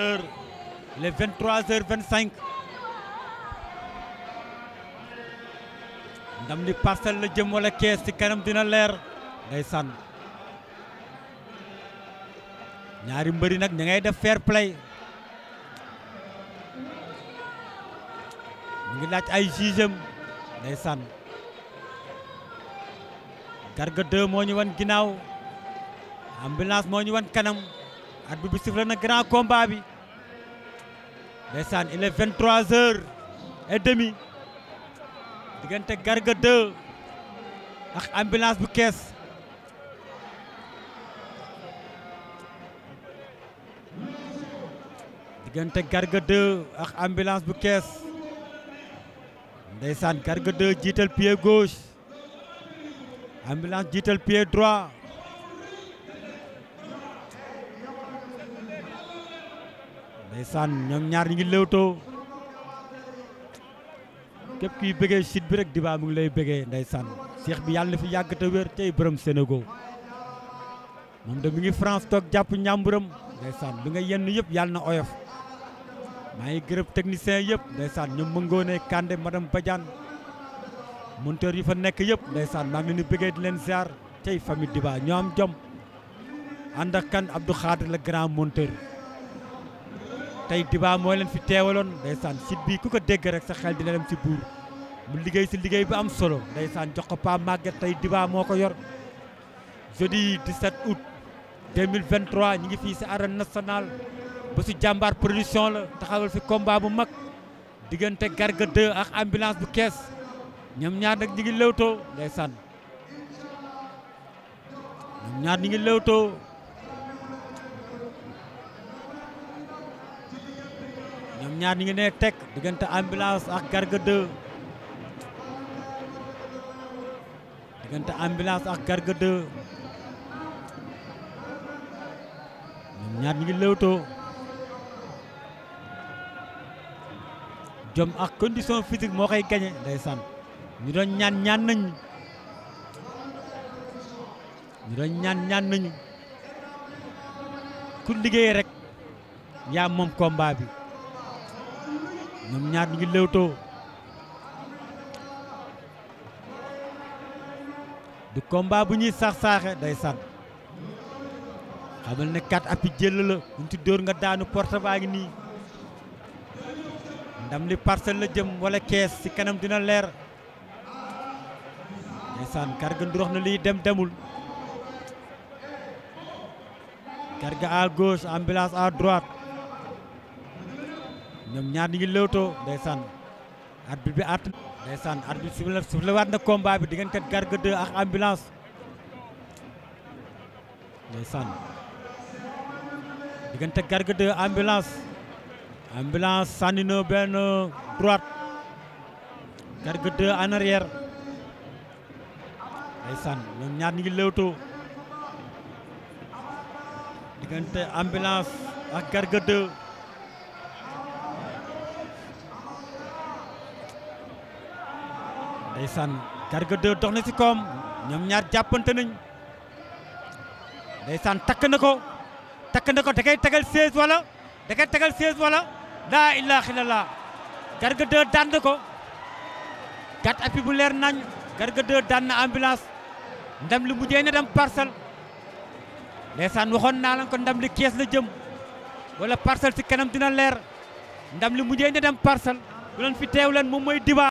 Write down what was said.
heures les vingt trois heures cinq ndam li parcelle la jëm wala kees ci kanam dina leer ndeysaan ñaari mbëri nag ña ngay def fair play mu ngi laaj ay jugeem ndeysaan Garga 2 moo ñu wan ginnaaw ambulance moo ñu wan kanam at bi bi sifla na grand combat bi ndeysaan il vingt trois heures et demi diggante Garga 2 ak ambulance bu kees diggante Garga 2 ak ambulance bu kees ndeysaan Garga 2 jiital pied gauche ambulance jiital pied droit ndeysaan ñoom ñaar ñi ngi lewtoo képp kuy bëggee site bi rek Diba mu ngi lay bëggee ndeysaan seex bi yàlla na fi yàgg te wér tey borom Sénégal moom de ngi France toog jàpp ñàmburam ndeysaan bi nga yenn yëpp yàlla na oyof maa ngi gërëm technicien yëpp ndeysaan ñoom mëngoonee Kande madame Badiane monteur yi fa nekk yëpp ndeysaan maa ngi leen bëggee di leen ziar tey famille Diba ñoo am jom ànd ak kan Abdou Khadre le grand monteur tey Diba moo leen fi teewaloon ndeysaan site bi ku ko dégg rek sa xel dina dem ci buur mu liggéey si liggéey bu am solo ndeysaan jox ko Pa Maguette tey Diba moo ko yor jeudi 17 août 2023 ñu ngi fii si arène nationale ba si jàmbaar production la taxawal fi combat bu mag diggante Garga 2 ak ambulance bu kees ñoom ñaar nag ñu ngi lewtoo ndeysaan ñoom ñaar ñu ngi lewtoo ñoom ñaar ñu ngi ne teg diggante ambulance ak garga 2 diggante ambulance ak garga 2 ñoom ñaar ñu ngi lewtoo jom ak condition physique moo koy gañe ndeysaan ñu doon ñaan ñaan nañu ñu doon ñaan ñaan nañu ku liggéey rek yaa moom combat bi ñoom ñaar ñu ngi léewtoo du combat bu ñuy saax saaxe day san xamal ne kat api jël la ñu ci dóor nga daanu porte baa ngi nii ndam li parcelle la jëm walla kees ci kanam dina leer ndeysaan karga ndurox na liy dem demul karga à gauche ambulance à droite ñoom ñaar ñi ngi lewtoo ndeysaan arbitre bi at ndeysaan arbitre sifle sifle waat na combat bi diggante Garga 2 ak ambulance ndeysaan diggante Garga 2 ambulance ambulance sànni na benn droite Garga 2 en arrière ndeysaan ñoom ñaar ñi ngi lewtoo diggante ambulance ak Garga 2 ndeysaan Garga 2 dox na ci koom ñoom ñaar jàppante nañ ndeysaan takk na ko takk na ko da kay tegal 16 wala da koy tegal 16 wala laa ilaaha illallaah Garga 2 daan ko gàtt api bu leer nañ Garga 2 daan na ambulance ndam li mujjee na dem parcelle ndeysaan waxoon naa la ko ndam li kees la jëm wala parcelle ci kanam dina leer ndam li mujjee na dem parcelle bu leen fi teew leen moom mooy diba